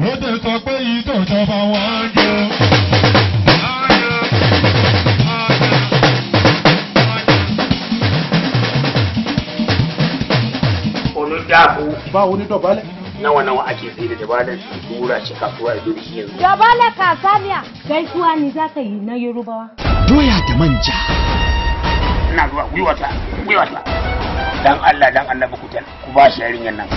ó dẹ̀ sọ pé yìí tó jọba wọn ń jó. ba wani dabale nawa nawa ake sai da dabalar su tura shi kasuwa ya zuri yanzu dabalar kasaliya gaisuwa ne za ka yi na yorubawa doya da manja ina zuwa gwiwata gwiwata dan Allah dan Allah ku ku ba shi yarinyan nan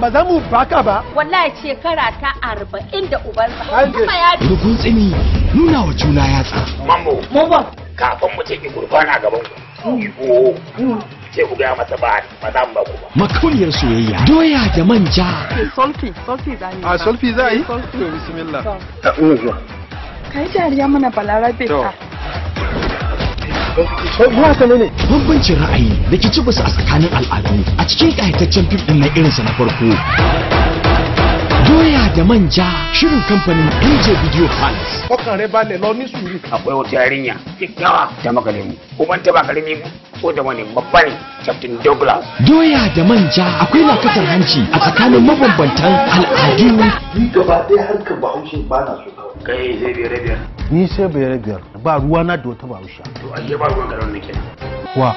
ba za mu baka ba wallahi shekara ta arba'in da ubansa kuma ya rukun tsini nuna wa juna tsa. mambo mambo kafin mu ce gurbana gaban ku ce mm. mm. ku gaya masa ba ba za mu ba ku ba Makuniyar soyayya doya da manja solfi solfi za a ah, solfi za a yi bismillah kai jariya mana balarabe ta ne bambancin ra'ayi da ke cibus a tsakanin al'adu a cikin ƙayataccen fim ɗin na irinsa na farko doya da manja shirin kamfanin MJ Video Palace. Kwakan rai balẹ̀ lọ ní Akwai wata yarinya kyakkyawa ta makalemu. Uban ta ba ka lemu. da wani babban captain douglas doya da manja akwai lakatar hanci a tsakanin mabambantan al'adu ni gaba ɗaya harkar bahaushe ba na so kawai kai sai biyar biyar ni sai biyar biyar ba ruwa na da wata bahaushe to ashe ba ruwan garin nake wa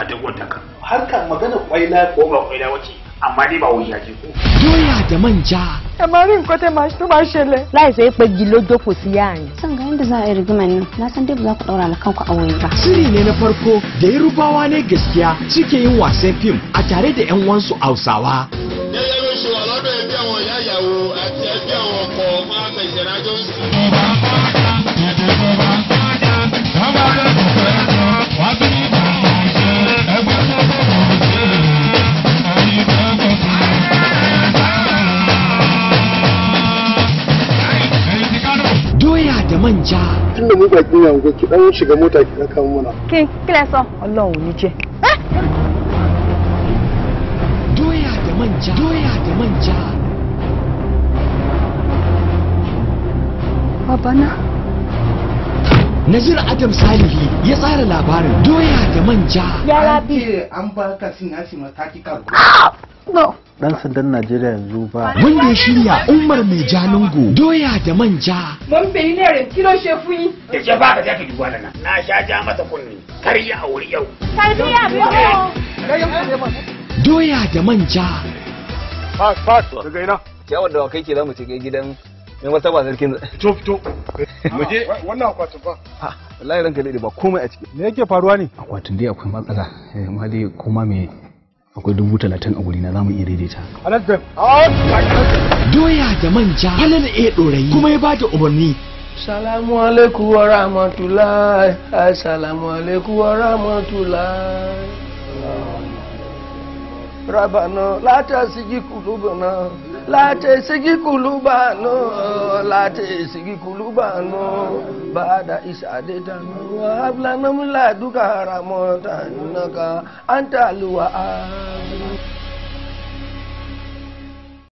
a duk wata harkar magana kwaila ko ba kwaila wace amma dai ba wai ya je ko. Doya da manja. Amma rin ko ta ma shi ma shele. Lai sai fagi lojo ko si ni. San ga yanda za a yi rigima nan. Na san dai ba za ku daura ma kanku a waye ba. Shiri ne na farko da ya rubawa ne gaskiya suke yin wasan fim a tare da yan wansu Hausawa. Ne ya rushe wa yayawo ẹbí àwọn ìyá ìyàwó àti ẹbí àwọn ọkọ ọmọ àtẹ̀sẹ̀ manja tun da mu baki ne ungo ki dan shiga mota ki ga kan muna ke kila so Allah ni je doya da manja doya da manja babana Nazir Adam Salihu ya tsara labarin doya da manja. Ya rabi. An baka sinasi mataki ta karo. no dan sandan Najeriya yanzu ba. Wanda ya shirya Umar Mai Jalingo doya da manja. Mun bi ne rin kilo yi. Da ke ba ka ka duba nan. Na sha ja mata kunni. Kar a wuri yau. Karya biyo. Eh. Doya da manja. Fas fas daga ina. Ciyawar da kai ke zamu cike gidan mai ba sarkin. To to. Mu je ah, wannan akwatin ba. Wallahi ranka ne ba komai a ciki. Me yake faruwa ne? Akwatin dai akwai matsala. Eh, amma dai kuma me akwai dubu talatin a guri na zamu iya daidaita. Doya da manja halal iya eh ɗorayi kuma ya bada umarni. Salamu alaikum wa rahmatullahi, assalamu alaikum wa rahmatullahi. Rabana la ta sigi kulubana. láti sikikulugbanu láti sikikulugbanu bada isadedanu abilanamula dukara mọtanaka antaluwa.